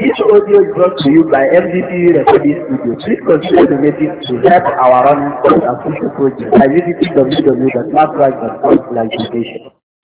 This audio is brought to you by MDP Recording Studio. Please consider donating to help our running and future project by visiting www.matrag.com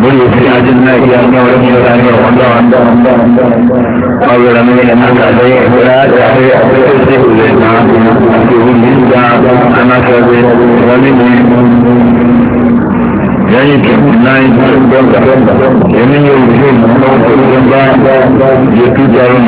മുടി വിരാജനാക്കിയ അവിടമേ എന്ന കഥയെ ഒരാളെ എന്നെയോ വിഷയം എത്തിച്ചാലും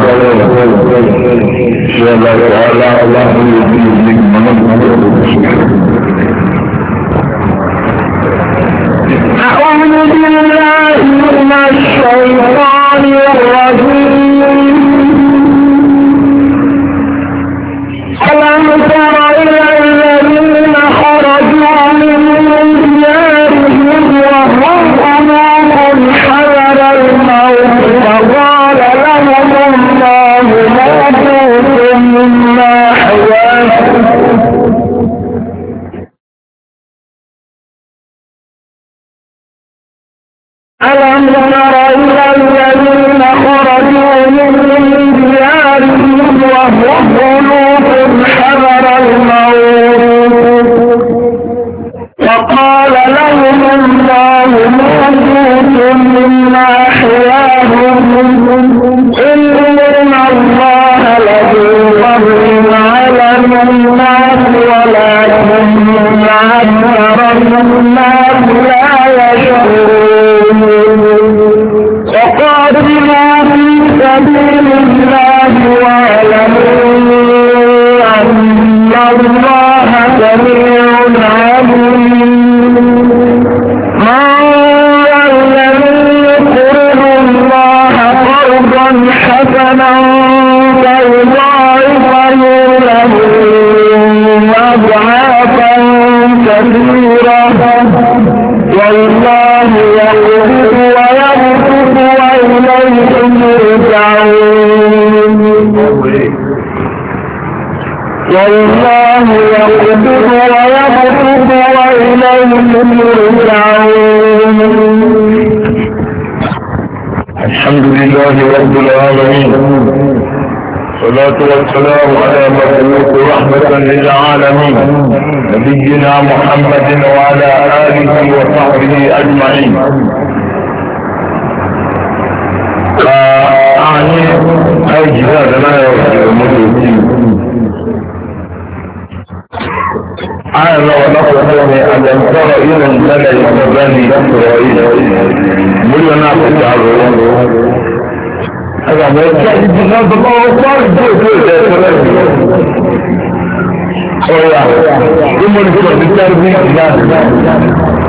الله والله يقبض ويبسط وإليه يرجعون الحمد لله رب العالمين صلاة والسلام على مبعوث رحمة للعالمين نبينا محمد وعلى آله وصحبه أجمعين آه، أعني Ayé jù náà dáná yọ ọ̀rọ̀ mọ́tò sí i. Ayé lọ wọ lọ́kọ̀ọ́kọ́ ni àjẹmọ́tọ́rọ̀ ìrìn lẹ́lẹ̀ ìjọba ní ìjọba ìjọba. Múlò náà kò já lọ wọn lọ. Ẹgbà mọ̀ ẹ̀ka ìdí náà tó bá wọ́n pa ìdí òkú ìdí ẹ̀kọ́ lẹ́yìn. Ọ̀yà ìmọ̀lùkọ̀ ti tẹ́lifí ìgbà.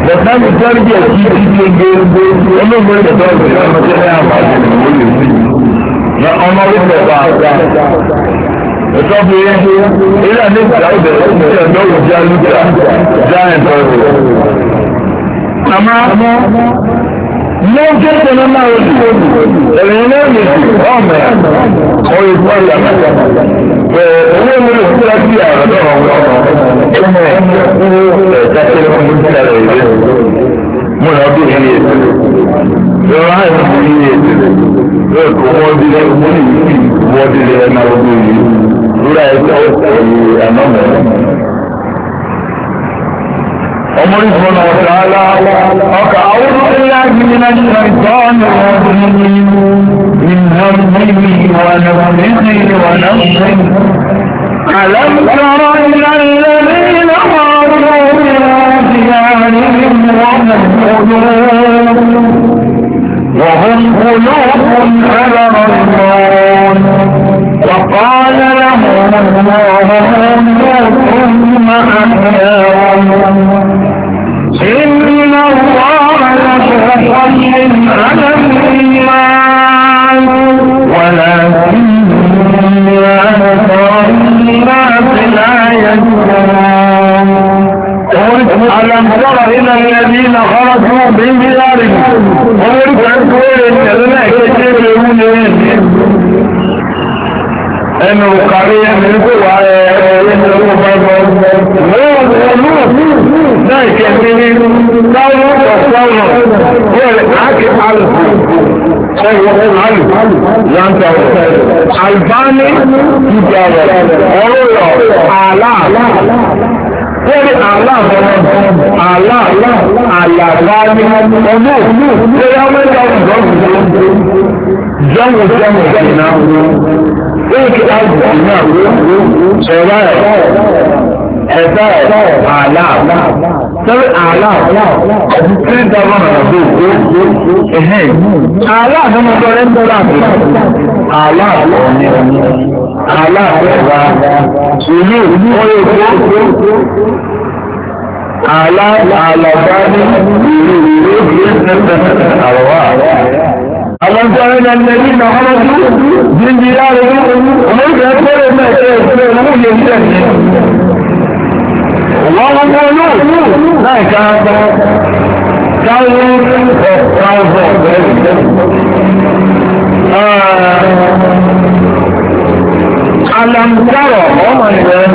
Bọ̀dá mi tẹ́lifí ẹ̀kí ti ti gbé ọlọ́mọ ìdọ̀tọ̀ ọmọ orílẹ̀ bá àgbà ẹ̀tọ́ fi ilé ní ìjà ìbẹ̀rẹ̀ ìjà ìdọ́wò já lújà já ẹ̀tọ́ rẹ̀. Àmọ́ mo ń ké tẹ̀lé máa rẹ̀ sí omi ẹ̀rìn náà lè sí ọmọ ẹ̀ ọ̀rẹ́ ìgbà ìyá mẹ́ta. Owó mi lè fi láti àrà lọ́rọ̀ ọmọ ẹ̀ ẹ̀ka tẹ̀lé fún mi sí ìwé. Mo nà ọdún yìí yé. Ìrọ̀lá ìwé yìí yé yóò tó wọ́n dilẹ̀ wọ́n lè yí wọ́n dilẹ̀ ẹ̀ma gbogbo yìí lórí ẹ̀ka ọ̀sẹ̀ ànámọ̀. ọmọdé fún ọ̀nà ọ̀sẹ̀ alá ọkà àwọn ọ̀sẹ̀ ìlànà ìṣàkóso ọ̀dùnmí من همه ونفسه ونفسه ألم تر إلى الذين خرجوا من ديارهم وهم قلوب وهم قلوب على مضمون وقال لهم الله موتكم ثم أحياهم إن الله لشرح على الإيمان ولكن أكثر الناس لا يشكرون ألم تر إلى الذين خرجوا من ديارهم ومرجع كويل àlàáfà lórí aláàbọ̀nà aláàlá àyàgbáyé ọmọ lórí ọmọdé ọ̀dọ́ jọmọ jọmọ ìdìnnà èkì àgbọ̀nà sọ̀rọ̀ ẹ̀ ẹ̀dá ẹ̀ aláàlá. Sọ́rí àlá ọdún three thousand and above ẹ̀hẹ́n. Àlá àdánmọ́ sọ́rí ń tọ́lá àbí. Àlá ọ̀nì àlá ẹ̀wà ìlú ọyọ̀ tó àlá àlàbá ní ìlú ìlú àwọ̀wá. Àwọn tí wọ́n rẹ̀ ní ẹni náà wọ́n tún jíjí láàrin ọmọ ìgbà tó rẹ̀ mẹ́ẹ̀ẹ́ ìgbẹ́ ìlú yẹn wọ́n wọ́n lóò láì ká káwé ọmọ ìrẹ̀ ẹgbẹ́. Alamtaro ọmọ ìrẹ̀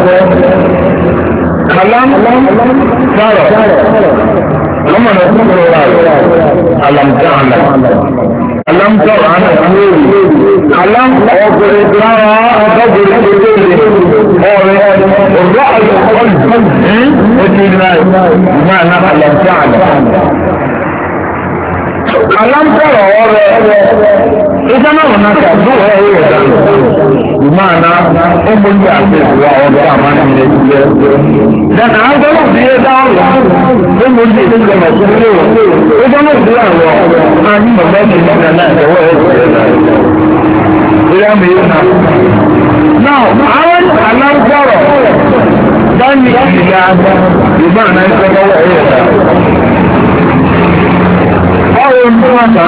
alam tọrọ ana ìwé alam ọgbẹrẹ lára ọgbẹrẹ ọrẹ ọ̀rọ̀ ọ̀lùkọ́lù ó ti rí náà máa ná àlàǹtà àlọ́. Alámpọ̀rọ̀ ọrẹ iṣẹ́ náà wọn náà ṣàdúrà ọ̀rẹ́ rẹ̀ dànù. Ìmáàna ó mú ní àgbẹ̀wò ọ̀dọ́ àmánilẹ̀ ìlẹ̀. Dànà agbẹ́rù bí ẹ dá ọ̀rọ̀ ó mú ní ìdílé ọ̀rọ̀ tó lé o. Ó dáná ìdílé ọ̀rọ̀ máa ní mọ̀lẹ́bí nígbà náà ìdẹ̀wọ̀ ẹ̀ Now, àwọn alágbọ̀rọ̀ bá ní ìyá ìbá náà ń sọ́kọ́ wọ̀ ẹ̀yẹ̀ ta. Báwo ni wọ́n ta?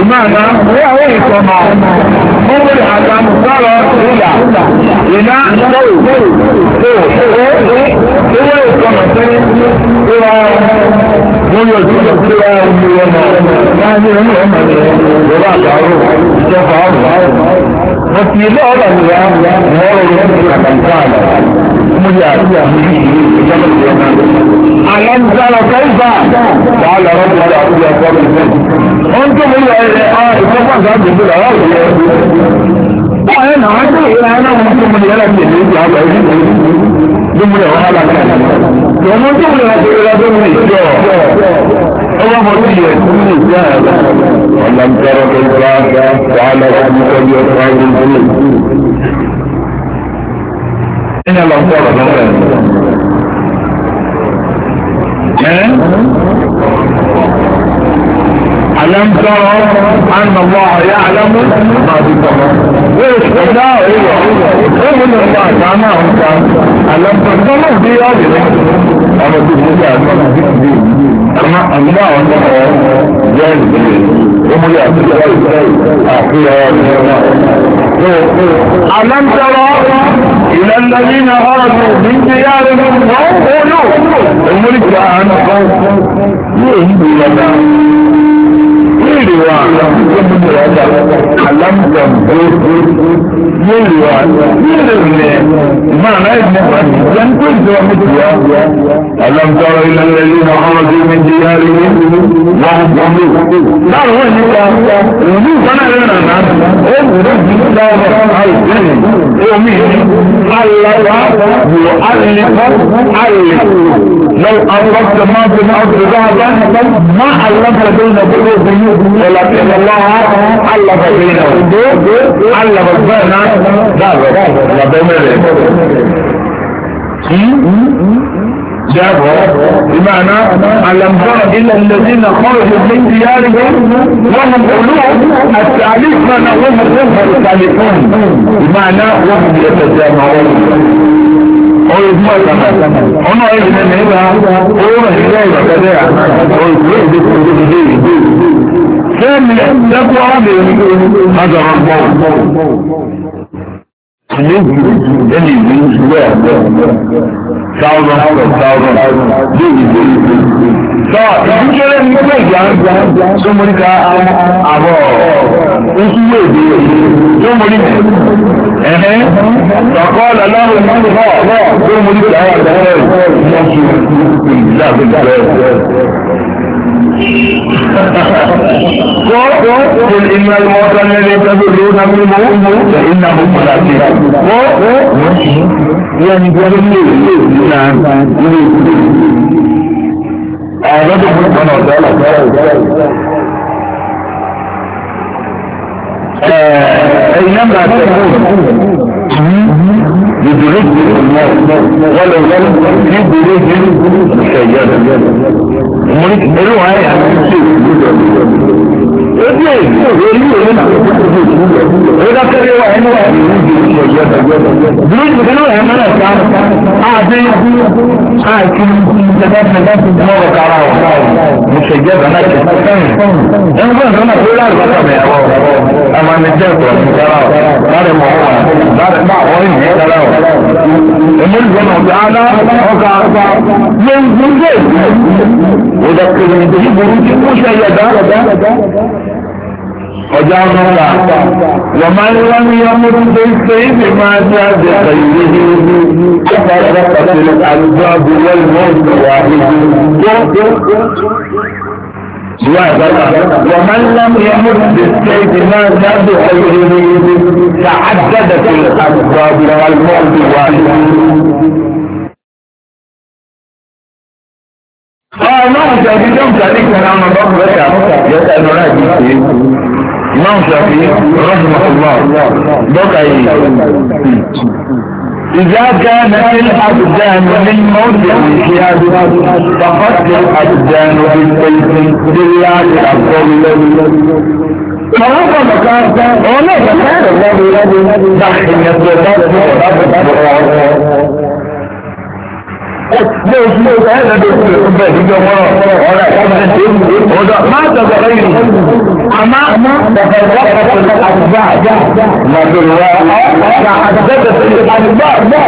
Ìbá náà wọ́n àwọn ìkọ̀nà ọmọ àgbàmùsọ̀rọ̀ ìyá ìná lọ́wọ́ tó owó ìkọ̀nà sí ìwà lórí òṣìṣẹ́ tí wọ́n ń mú wọn náà. Láyé ní ọmọ mi, ìjọba àgbà ọ̀rọ̀ ìjọba ọ̀rọ̀ wọ́n ti lọ́ọ̀rọ̀ ni wọ́n rọ̀ lórí àgbàgbà rẹ̀ mo yà á yà mí ìjọba ìjọba náà. Àlàntàrà kẹ́fà wà á lọ́rọ́ ní ọ̀rọ̀ àti ọ̀pọ̀ mi fẹ́. Wọ́n tó mo yà ẹ ọ ìfọ́fà ìgbà gbogbo rẹ̀ ọ̀rọ̀ yẹ. Báyọ̀ náà wọ́n tó yẹ ẹ náà wọ́n tó mo yẹ ẹ lẹ́yìn ìgbà àgbà yìí ní ìlú. Bí mo yà wọ́n á lọ sí àná. Ìwọ́n tó mo yà ẹ هو مطيع كل ذهب ولم تر كيف وعلى ربك بأسرار الجنود إن لم تر ألم ترى أن الله يعلم ما في السماء؟ إيش لا هو هو من الله سامعه كان ألم تسمع في هذه أنا في الجزائر amma amma wannan jari ne kuma ya fi a fiyawa ne alam tara ila alladhina kharaju min diyarihim wa qulu الملك الآن يهدي لنا yerewa alamdan yerewa yerenne mana ibn fadi yan ko jira mutiya alam tara ila alladhina kharaju min diyarihim wa hum yamlun dar wa ni ka ni kana na na o gura ji da wa ai ni o mi allah wa yu'allifu allifu لو أردت ما في الأرض ذهبا ما ألف بين قلوبهم ولكن الله ألف بينهم ألف بين ذهبا بمعنى ألم تر إلى الذين خرجوا من ديارهم وهم قلوب التعليق معنى وهم التعليقون بمعنى وهم يتجمعون ọ̀rẹ́gbọ́n ọ̀nà ẹ̀sìn ẹ̀mẹ́ ìgbà oòrùn ìgbà ìgbàgbẹ́dẹ́ ọ̀rẹ́gbọ́n ìgbàgbẹ́dẹ́ ìgbàgbẹ́dẹ́ sẹ́mi ẹ̀kọ́ ọ̀rẹ́ mi Thousand of thousand. So, ìdíkẹ́rẹ́ ní pé ìgbà tó mú ní ká àbọ̀ òkúwé ìdí tó mú ní ẹ̀hẹ́ tọ̀kọ́ lọ́lọ́rùn náà tó mú ní ká àbọ̀ òkúwé ìdí ko ko kul innal mawta alladhi tadruna bil mawt fa innahu mulaqi ko ko yani gori ni na ni Allah tu pun mana dah lah. Eh, ini nama saya. يدركه الموت ولو لم يدركه مسيرا Olúwa ẹ̀yà ti ṣe ìlú ìjọba ojú èyí olú òní ọjọ́ kẹrẹ wà nínú ẹ̀ bíríkì nínú ẹ̀ mẹ́rẹ̀ ká àti àti mọ̀rọ̀ kára wà mo ṣe jẹ́ bàná kí ẹn fún ìdáná tó láàrú bàtà mi ẹ̀wọ̀ ọmọ mi jẹ́ ìtọ̀ ní kára wà láàrẹ̀ mọ̀ wà láàrẹ̀ bá àwọn ènìyàn kára wà èmi ń gbọ́nà ọ̀gá alá ọ̀gá ló ń gbé ìdí ìdí ìdí ìdí ìdí ìdí ìdí ìdí ìdí ìdí ìdí وجعلنا ومن لم يمت بالسيف ما جاء بخيره تفرقت الألباب والموت واحد ومن لم يمت بالسيف ما جاء بخيره تعددت الألباب والموت واحد قال جاء بجمع ذلك من أمر الله يسأل راجل imam shafi rahimahullah lọ́kà yìí إذا كان الأبدان من موضع الحياد فقد الأبدان بالبيت لله الأفضل Ọlọ́pàá bàtà ọlọ́pàá bàtà ọlọ́pàá bàtà ìyẹn tó bá tó ọ̀rọ̀ ní oṣù ní oṣù ẹ̀ẹ́dẹ́gbẹ̀ oṣù lè fún bẹ́ẹ̀ níjọ wọn ọ̀rẹ́ ẹ̀ẹ́dẹ́gbẹ̀ ọ̀dọ̀ má tọ̀tọ̀ ẹ̀yìn àmá ọ̀pọ̀lọpọ̀ àgbà màdùnúwà ọ̀pọ̀ àgbẹ̀bẹ̀ àgbà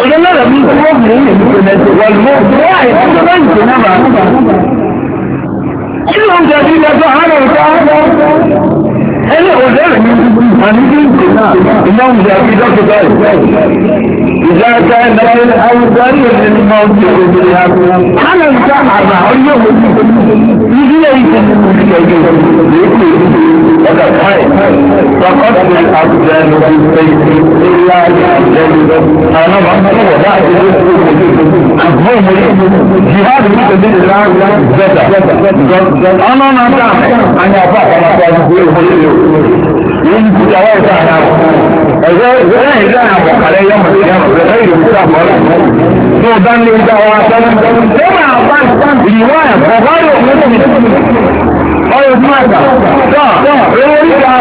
ọ̀dọ́lọ́rọ̀ mi tí wọ́n mú ìlú ìpínlẹ̀ wọ̀lú wáyé ọjọ́ bá ìpín náà bá. kí ló ń jẹ́ sí ilẹ̀ tó hánà ìta ẹni òṣèré ní àníkíńtì náà ìmọ̀n jẹ́ àbídọ́tò báyìí ìdájá ẹ̀dájá àwùjárí òṣèré ní máa ń jẹ́ òṣèré àbúrò hánà ń ká àbà ọjọ́ òṣèré ìdílé ìṣẹ́ ìṣẹ́jú lókè ọ̀dà táì pàkọ́tì àbújá ní ìṣẹ́jú ńlá ìṣẹ́jú àwọn ọmọ ọmọ láti lókè àbúrò mo jihad ní ìṣẹ́jú ńlá ìṣẹ́jú ọ̀nà náà dáa àyàfà ọmọ ọmọ ọmọ ìṣẹ́jú ينجي جواز على إذا كان أبوك عليه يوم القيامة بغير مستقبل سودان لجوازا كما أعطاك رواية وغير مؤمن ọ̀rọ̀ mọ́ta lóríta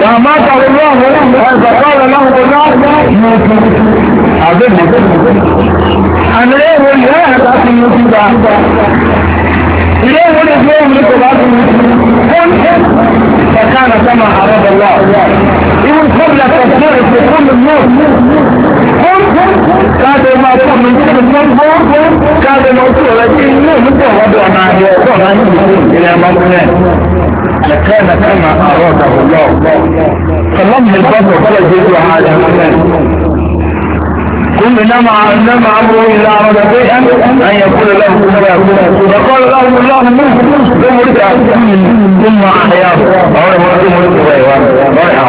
kàmáta olóòrùn ẹ̀sọ̀kọ́rọ̀ lọ́wọ́ àbẹ́bẹ̀ àmì ẹ̀rọ ìyá ẹ̀ta ti mú sí bá ilé ìwọ́n lè fi ohun ní kò bá ti mú sí فكان كما أراد الله إذن قبل تفسير الدخول النور káàdé máa tó mi tí mo tó ń bọ́ káàdé máa tó كل tí inú mi tẹ̀ wọ́n dọ̀ náà yẹ ọ̀pọ̀ náà ń yìí ìrìn لكان كما أراده الله فلم يلبث فلا جزء على المنام إنما إنما أمره إلا أراد شيئا أن يقول له كفر فقال له الله ثم رجع ثم أحياه أولا هو ثم رجع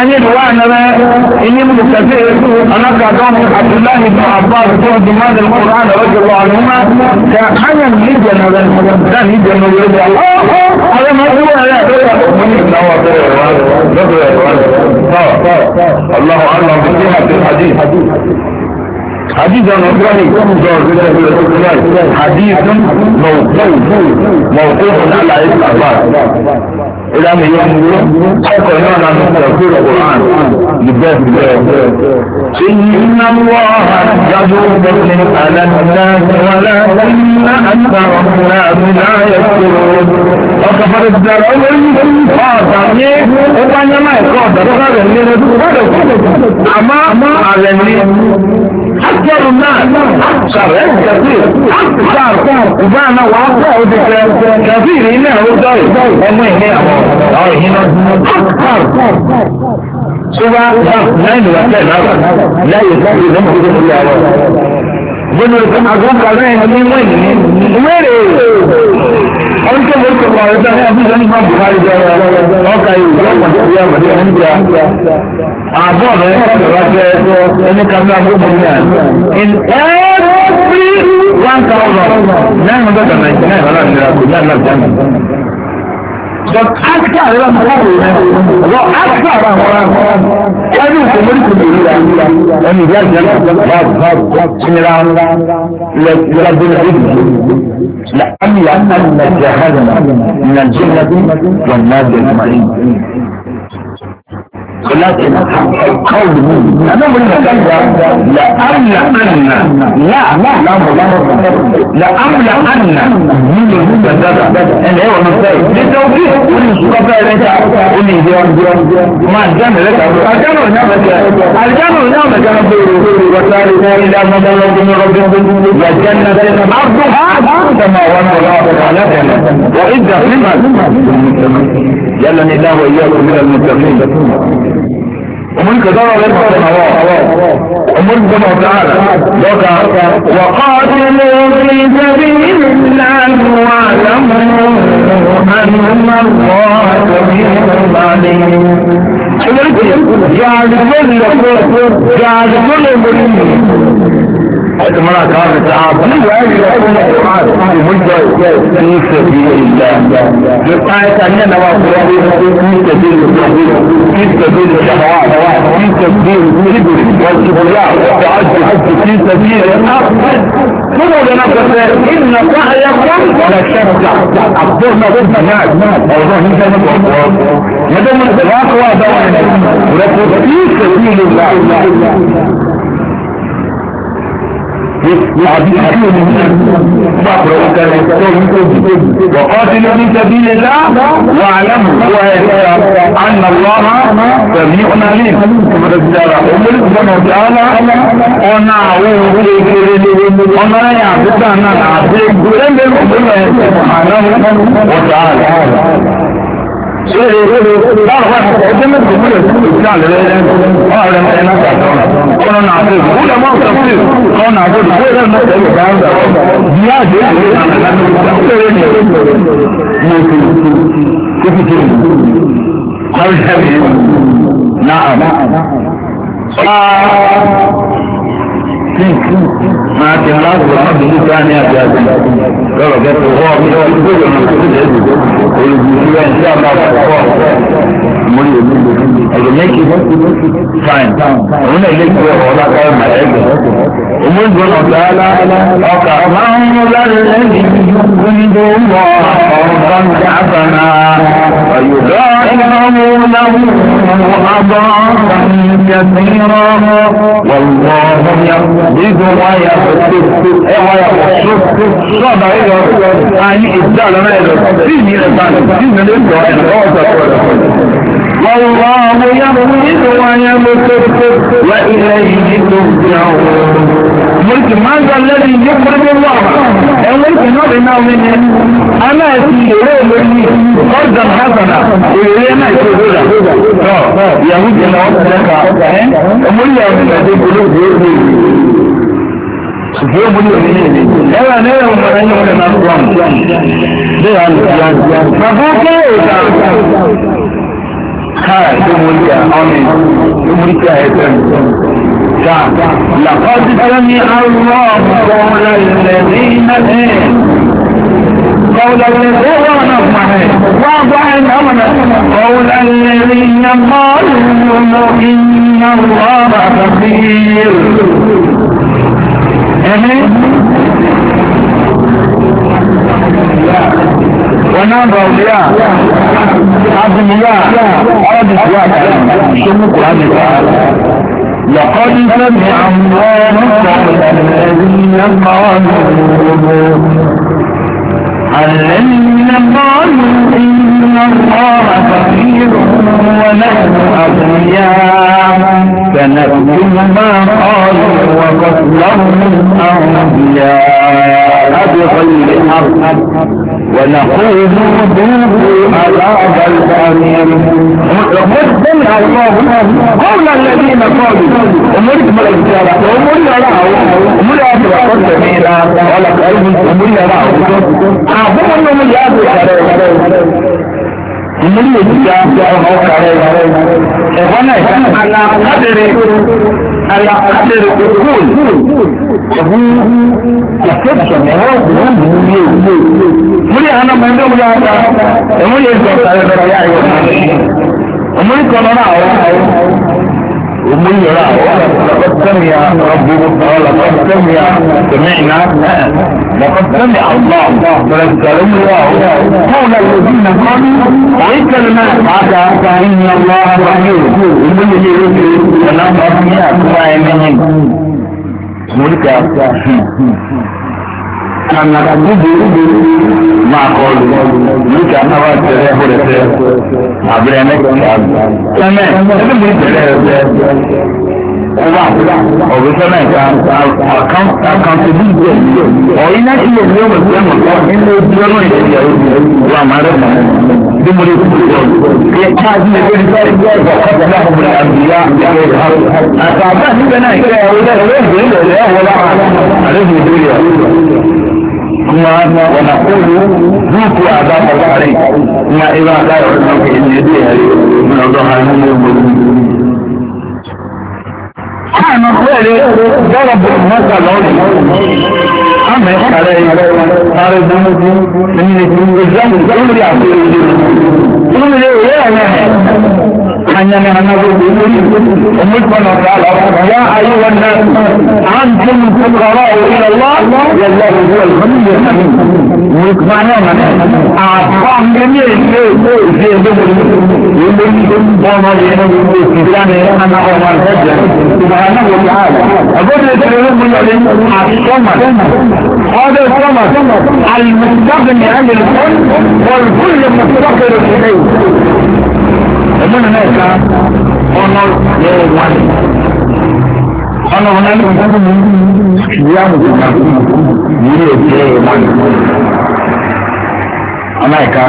أهل وأنا إني متفق أنا كأدوم عبد الله بن عباس في دماغ القرآن رضي الله عنهما كأنا نجي أنا ذا نجي أنا الله àwọn ọmọ tí wọ́n rẹ̀ lọ́wọ́ ọmọ ní ìnáwó abẹ́rẹ́ wa lọ́dọ̀ ẹ̀ wá tọ́ ọlọ́run alọ́run sí àti àdí. حديث عن ابراهيم حديث موقوف موقوف على ابن عباس ìlànà yẹn ẹ̀kọ́ náà nà lọ́kọ̀ tó lọ́kọ̀ hàn ìbẹ́ ìbẹ́ ṣe yí iná wọ́ jáde bẹ́ẹ̀ alẹ́nà wàlá iná àtàwọn ọmọdé àbúláyé kúrò ọkọ̀ fọ́dọ̀dọ̀rọ̀ olóyún ọ̀tà ní ọgbà nyẹ́mà ẹ̀kọ́ ọ̀tà tó bá rẹ̀ nílẹ̀ tó bá rẹ̀ kúrò àmọ́ àlẹ́ ní أكثر الناس شرعي كثير شرع وبعنا وعطاء كثير هنا هو ضعيف ومين هنا ضعيف هنا أكثر شوف نعم وكان لا يستطيع أن يكون الله gbogbo àgbọ̀nkà náà ní wẹ́ẹ̀nì ní wẹ́ẹ̀rẹ̀ ọdún tó mọ̀ ìkọ̀kọ̀ rẹ̀ tán ní àbúrò ní fún buhari jẹ́ ọkà ìwé ọmọdé ìyá ọmọdé ẹni bíi àbọ̀ rẹ̀ ọ̀rọ̀ jẹ́ ẹni kàmí àgbọ̀nkà náà in every one thousand nine hundred and ninety nine ọ̀rọ̀ àti ìrìnàjò náà náà but after àwọn ọmọ rẹ̀ after àwọn ọmọ rẹ̀ ẹni òkú mọ́rí kò lè ríra ẹni ìdí àti ẹni ìnira lẹ́gbẹ̀rẹ̀ lẹ́gbẹ̀rẹ̀ lẹ́gbẹ̀rẹ̀ ولكن قوله أنا لأملأ أن لا لأملأ أن من المسددة اللي هو المسائل للتوفيق قولي سقطة إليك قولي ما الجنة لك الجنة نعمك الجنة نعمك وسارقوا إلى مدلة من ربكم وجنة عرضها سماوات والأرض على وإذا لما يلا الله وإياكم من المتقين ومن كدر لما ومن كما تعالى وقع وقاتلوا في سبيل الله واعلموا ان الله سميع عليم يعرفون يعرفون يعرفون حيث منع كرامة العرب في سبيل الله لقاء أننا وقرابين في سبيل التحديد في سبيل الشهوات في سبيل الكبر والكبرياء والتعجب في سبيل الأفضل قلوا لنفسه إن سعيكم لشتى أخبرنا ضد الناس والله من كانت أخبار يدوم الواقع دوانا ولكن في سبيل الله àbí kí omi bá pẹ̀lú kẹrin tó ń tóbi. Wọ̀kọ́ ti ló ní sẹ́bí lè lá wà lẹ́mù wọ ẹ̀ka ànàlọ́mà pẹ̀lú ọ̀nàlẹ́ ìfọ̀mọ̀dọ̀gbìdára. Omúlù gbọ́nà ti àlá ọ̀nà àwọn òkú ekele ọ̀nà àwọn náà bọ̀dù tó yẹ náà tẹ̀lé ká ń bí i àjẹ́ ìwé tẹ̀lé ní ọ̀sẹ̀ tó fi kéwì. Kọ́rí sẹ́mi náà. Máa ti ń láti wọ́n bí ní sáà ní àjẹ́ àjẹ́ lọ́rọ̀ kẹ́kọ̀ọ́ wọ́n mi lọ́wọ́ ìgbésẹ̀ náà tó ti lè dùn. Olùdíje ń sábà wọ́n mọ́ ìlú ìlú. I will make it fine. Òun náà lè kúrò ọ̀la kọ́ ọ̀ma ẹ̀gbẹ̀. Òun ń gbọ́dọ̀ sáálá ọkà. Máa ń mú láti lẹ́yìn gbígbó wọ ọ̀kan dábàná. Ọ̀yọ̀dọ́ ìnáwó láwùjọ àbọ̀ ọ̀kan kẹsìnrọ̀. Wọ̀wọ̀ ọ̀yà gbígbó wáyà ọ̀ṣọ́ ẹ̀wáyà ọ̀ṣọ́. Sọ́ọ̀dà ẹ̀yọ̀ ayé ìdá lọ́rẹ́ lọ. Bí ìyẹn bá ti ní ẹ̀dọ́ ẹ̀dọ́ ọ̀ṣọ́ والله يمرض ويمسك وإليه ترجعون ملك ماذا الذي يقرب الله الملك نظر منه أنا في لي فردا حسنا إلينا كذولا يهود لك أمولي أمين أدي قلوب يهودي Ṣùgbọ́n mo ní òmìnira ìlú. Ẹ̀rọ ọmọ ẹ̀yìn ọ̀rẹ́ máa ń káà tó mórí à ọ́nì tó mórí tí a yẹ fẹ́ mi. Ṣá làkọ́jú sẹ́mi àrùwọ̀ ọ̀pọ̀lọpọ̀ الذين قول الذين أفمحين وأفمحين أمنا قول الذين قالوا إن الله كبير ونظر يا عبد الله لقد سمع لقد سمع الله قول الذين قالوا علمنا قالوا إن الله فقير ونحن أغنياء فنكتب ما قالوا وقتلهم أنبياء بغير حق ونقول ذوقوا عذاب الأمير مدن اللهم قول الذين قالوا أمرت ملكتها أمرنا له أمرنا له أمرنا له أمرنا له أمرنا له àbúrò ní omi yà á bò kàrẹ́ ìmúlí èyí yà á bò ọ̀nà ọ̀kàrẹ́ ẹ̀fọ́ náà ìka àná kádìrì àná kádìrì kúkúl ẹ̀fọ́ ìfẹ́sọ̀ ẹ̀rọ ìwọ̀n mi ní ilé múlí àná mọ̀ ẹ̀dọ́ mi yà á ta ẹ̀mú yẹ sọ̀ kàrẹ́ bẹ̀rẹ̀ yà á yọ̀ ọ̀nà ọ̀múlí kọ́ lọ́nà àwọn àwọn. ومنيرا لقد سمع ربكم لقد سمع سمعنا لقد سمع الله فنستلم الله قول الذين قالوا اي كلمات عسى ان الله رحيم ومن يريد ان اصنع كما يمنين ملكا kànàdà dídì máa kọ lù lùkà náà wà tẹ̀lé ẹ̀húrẹ̀ tẹ̀ àbúrẹ̀ mẹ́kànlá tẹ́mẹ̀ ẹ̀dùnmí tẹ̀lé ẹ̀húrẹ̀ ọba ọ̀gbẹ́sọ́nà ẹ̀ka àkàǹtẹ̀bíyẹ ọ̀yìn náà ilé ìwé ọ̀gbẹ́ tí a mọ̀ lọ nínú ojú ọ̀nà ìdíyà wà máa rẹ̀ mọ̀ bí mo lè fi lọ kí ẹ ká sí ẹgbẹ́ nípa ẹgbẹ́ ọ̀gbà ọ̀gbà ọ̀gbà àbíyá àtàbà níbẹ̀ náà ìkẹyà ọ̀rẹ́ ìgbẹ́ ìrọ̀lẹ́ ọ̀wọ́lá àlejò ìdíyà عنه ونقول ذوقوا عذاب البحر ما إذا لا يعلمك إن يديها من أضحى المؤمنين كان خير ضرب مثلا أما يخلع على الذنوب من الذنوب الذنوب يعطي الذنوب يقول له يا أننا نعمل وملكنا تعالى يا أيها الناس أنتم الفقراء إلى الله والله هو الغني الحميد ملك معنانا أعطاهم جميع الشيء في الدبر يقول وما ينبغي في كتابه أنا أمر هجر سبحانه وتعالى أقول لتعلم من العلم الصمد هذا الصمد المستغني عن الكل والكل مفتقر إليه ẹgbẹ́ nínú ẹ̀ka ọ̀nà yẹ wà ní. ọ̀nà wọn náà ló ń gbọ́dọ̀ mú ìyá àwùjọ náà ní ilé ìjẹ́ wà ní. ọ̀nà ẹ̀ka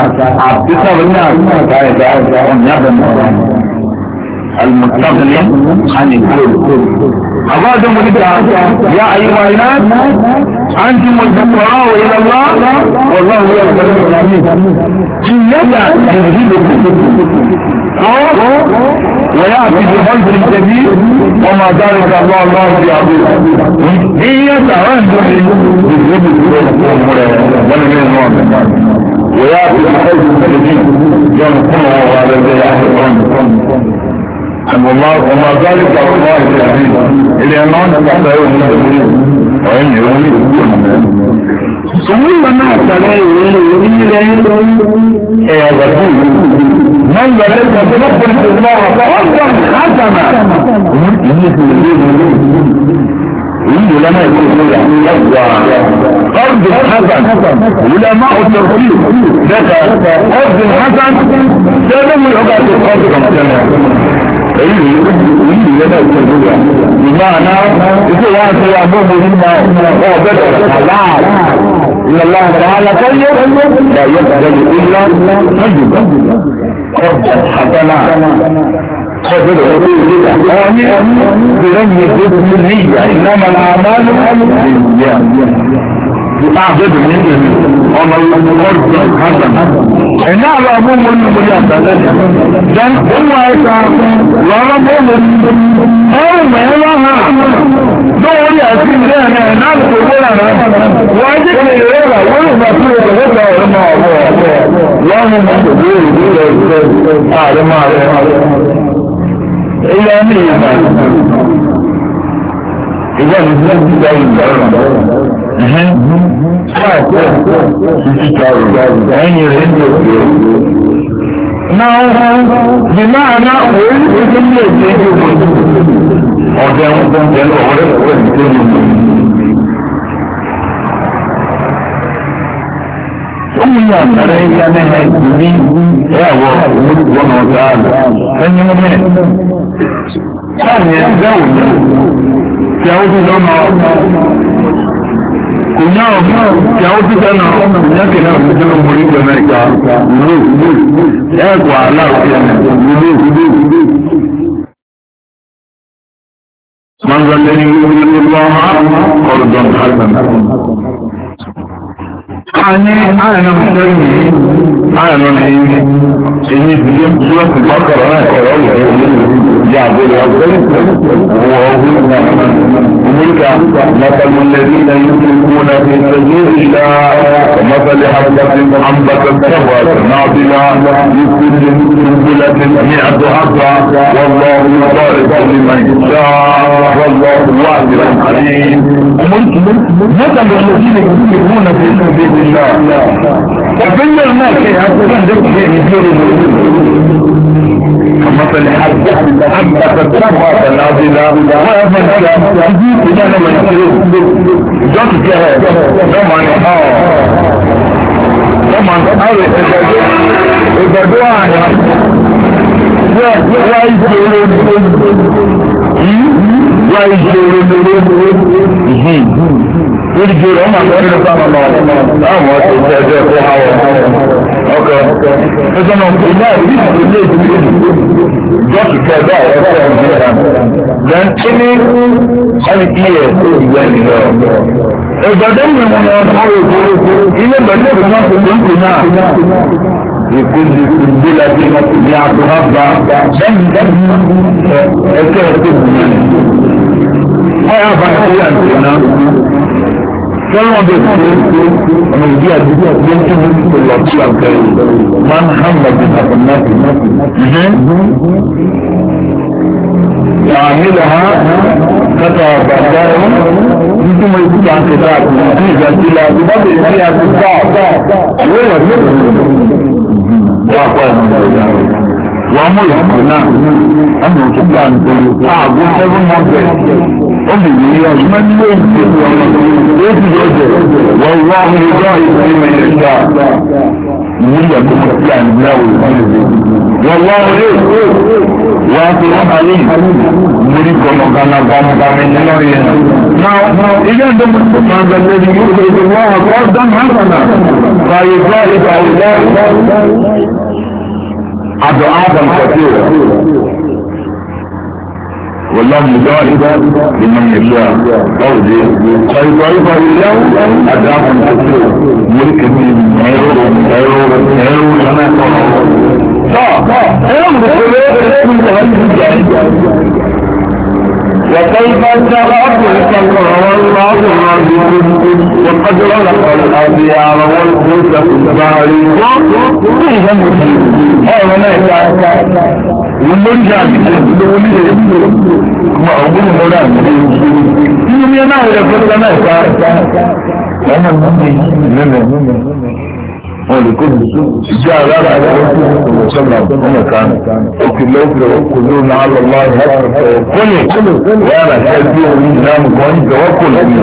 àbísọ̀ wọn náà ní ọ̀gá ẹ̀dá ẹ̀dá ọ̀nà yàtọ̀ náà. المستغني عن الكل أبعد ملك يا أيها الناس أنتم الفقراء إلى الله والله هو الغني الحميد إن يدع يجيبكم ويأتي بقلب جديد وما ذلك الله الله بعظيم هي تعرض ويأتي بقلب جديد ينقله على ذي والله وما ذلك الله بعظيم إلى أن أنت تحتاج من المسلمين وإن يومي ثم ما سمعنا إلا يدعو من يرد بنفس الله فأرضا حسنا يقول لما يقول قرض حسن علماء التوحيد ده قرض حسن ده من العباد القرض كما èyí yìí lẹ́nà ìṣèjúwà ìmáàná ìṣe wá sí agbóhùn nípa ọ̀bẹ aláàb ìlọ́lá ọ̀tàlá kọ́yé ìdáyé ìdáyé ìlá mọ́jùbọ̀ ọ̀bẹ àtàlá ọ̀bẹ lọ́wọ́ ìdíjà ọ̀ní bẹ̀rẹ̀ ní ìdíjà ìnáwó àmàlù ìyá يتعبد من الجميع ومن الأرض حسنا إن على أبوه من المليئة جن هو إيسا ورمه من أو مهلها دوري أسين لنا نال كبيرنا واجب ليرا ولما فيه غدا ولما أبوه اللهم تدور دور أعلم عليه إلى مين إذا نزلت بأي الأرض Náà bí ń gbọ́n ọ̀rẹ́ ọ̀rẹ́ ìdílé ní òmòdú. Ọmọ ìyá àtàrẹ ìyá mẹ́rin ẹ̀wọ̀ òmòdúgbọ́n ọ̀gá àlọ́. Ẹni mẹ́rin. Sáà kunyawo kyawo tisa na kunyake na mjana mwuri kwa Amerika mulu ee kwa ala mulu من ذا الذي يريد الله قرضا حسنا يعني أنا مسلمي أنا من أيدي إني في يوم البقرة أنا كرامة جعبوا ومنك مثل الذين يملكون في سبيل الله ومثل حبة أنبتت سبع سنابل في كل سنبلة مئة حبة والله يضاعف لمن يشاء والله واسع عليم مثل الذين يملكون في سبيل الله تبين ما كان هذا الشيء مثل حبة àtàtàkùn àtàlàbílà wọ́n yẹ fún ìṣẹ́ ìdí ìṣẹ́ náà mọ̀ ìṣẹ́ ìjọ́tù kí ẹ̀ lọ́mọ ni ọ̀ lọ́mọ ni ọ̀rẹ́ ìgbàdo ìgbàdo àná wọ́n wá ìṣòro wá ìṣòro lórí jòrò ọmọ àgbẹ̀rẹ̀ ló sáwọn ọmọ láwọn ọ̀sẹ̀ ìṣe ẹgbẹ́ ẹ̀kọ́ àwọn ọkọ̀ ẹ̀sọ́nà ìlú àìsí ìlú èdè jọ́ọ̀kì kẹ́ ọ̀dọ́ àwọn ọ̀dọ́ ọ̀dọ́ ìjọba lẹ́n tí ní ẹni tí yẹ ìwé ẹni lọ. ìgbàdé mi mú mi ọ̀dọ́ òkú ilé ìgbàdé mi náà tó ń pè náà. Èkó ni ìgbé láti ní àtúnwá bá ẹgbẹ́ ẹgbẹ́ ìgbìyànjú. Wọ́n yà bá ẹgbẹ́ ìgbìyànjú náà fẹ́ràn bẹ̀ fún ọmọ ìdí àdúgbò tó ń tún kò lọ sí àgbẹ̀rẹ̀ máa ń hàn lọ bí àbọ̀nàbì. يعملها قطع بعدها ثم يكون عن قطاع نتيجة إلى بضع فيها قطاع وين wọ́n mú ìyàwó náà ẹnu tó gbà nípa àgbo seven hundred ó lè ní ọdún mẹ́rin ló ń pè wọ́n ló ti lọ jẹ wọ́n wá ní ọjọ́ ìsinmi rẹ̀ gbà ní ìyàgbọ́ sí àìmọ́ ìwé wọ́n wá orí wọ́n fi wọ́n kalẹ̀ mórí kọ́nà kaná gbàmùgbàmù ní yẹn. na ilé ẹ̀dọ́ máa bẹ̀ lórí yóò ṣe àkọ́ dánù àkànà أضعافا كثيرة والله مدارك لمن يشاء قولي فيضعف له أضعافا كثيرة ملك من عيرو عيرو عيرو لنا صح صح عيرو بكل اسم الهدف وكيف تغفرك والله ربكم وقد غلق الأبيار والقوس الباري كيف مجيب أو هناك ومرجع لولي ما أقول هنا يوم ينال يقول لنا أنا مؤمن wọn lè kó dùsú ìjọ alára àti ọkùnrin sọlá ọmọ kan òkèlè òkèlè òkèlè náà lọ lọ ìhàkùnfẹ òkúnlẹ yàrá ṣẹbi orí ìnáàmù kan ìjọ ọkùnrin mi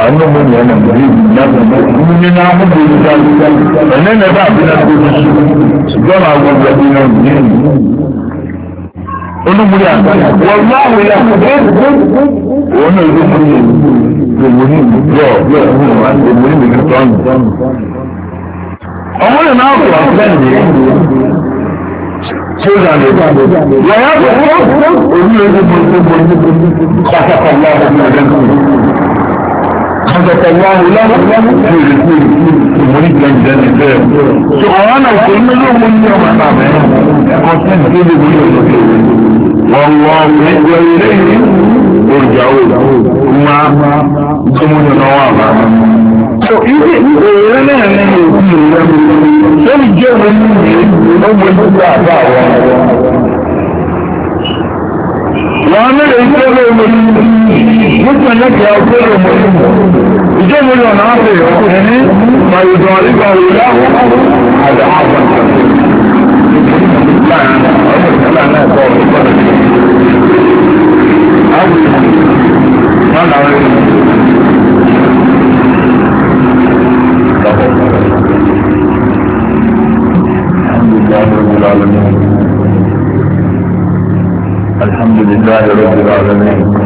àwọn ọmọ mi ọmọ mi rí ìnáàmù mi ní náà mú bèrè dání ẹnẹ nẹbà àbí náà kó dùsú ìjọ náà gbogbo ẹbí mi ní ìlú. olùmúlẹ̀ àgbáyé wọ́n máa wọ ilé náà ní ìlú ìlú ìlú ìlú ìlú ìlú ìlú ìlú ọmọ rẹ̀ náà kò àfẹ́ǹdì sójàlè yàrá tó kúrò òní lójú gbogbo kàtàkà láàrín ọ̀rẹ́ kàtàkà láàrín láàrín lórí kú ìmọ̀lì gbẹ̀ǹdẹ̀ ní bẹ́ẹ̀ tó àwọn náà kò ní ló mú ní ọmọ náà mẹ́ ẹ̀kọ́ tí ìdí lè wúlò lókè wọ́n wọ́n mẹ́jọ ilé yìí olùjáwó máa tó mú ní ọmọ wa máa So ibi ìwé náà ní ìlú lórí jẹ́ òun ní ọmọ ìdúgbò àbá àwọn. Wọ́n mẹ́rẹ̀ ìjọ lóòmò nípa lẹ́kẹ̀ẹ́ ọjọ́ lóòmò ìjọ mo lọ náà fẹ́ ọkùnrin ní Màyìdàn Àríwá Òyìnbá àdá àbá. Láàárín ọmọ ìjọba náà kọ́ ọ̀rọ̀ ìgbàlódé. Àwọn ìgbàlódé. لله رب العالمين الحمد لله رب العالمين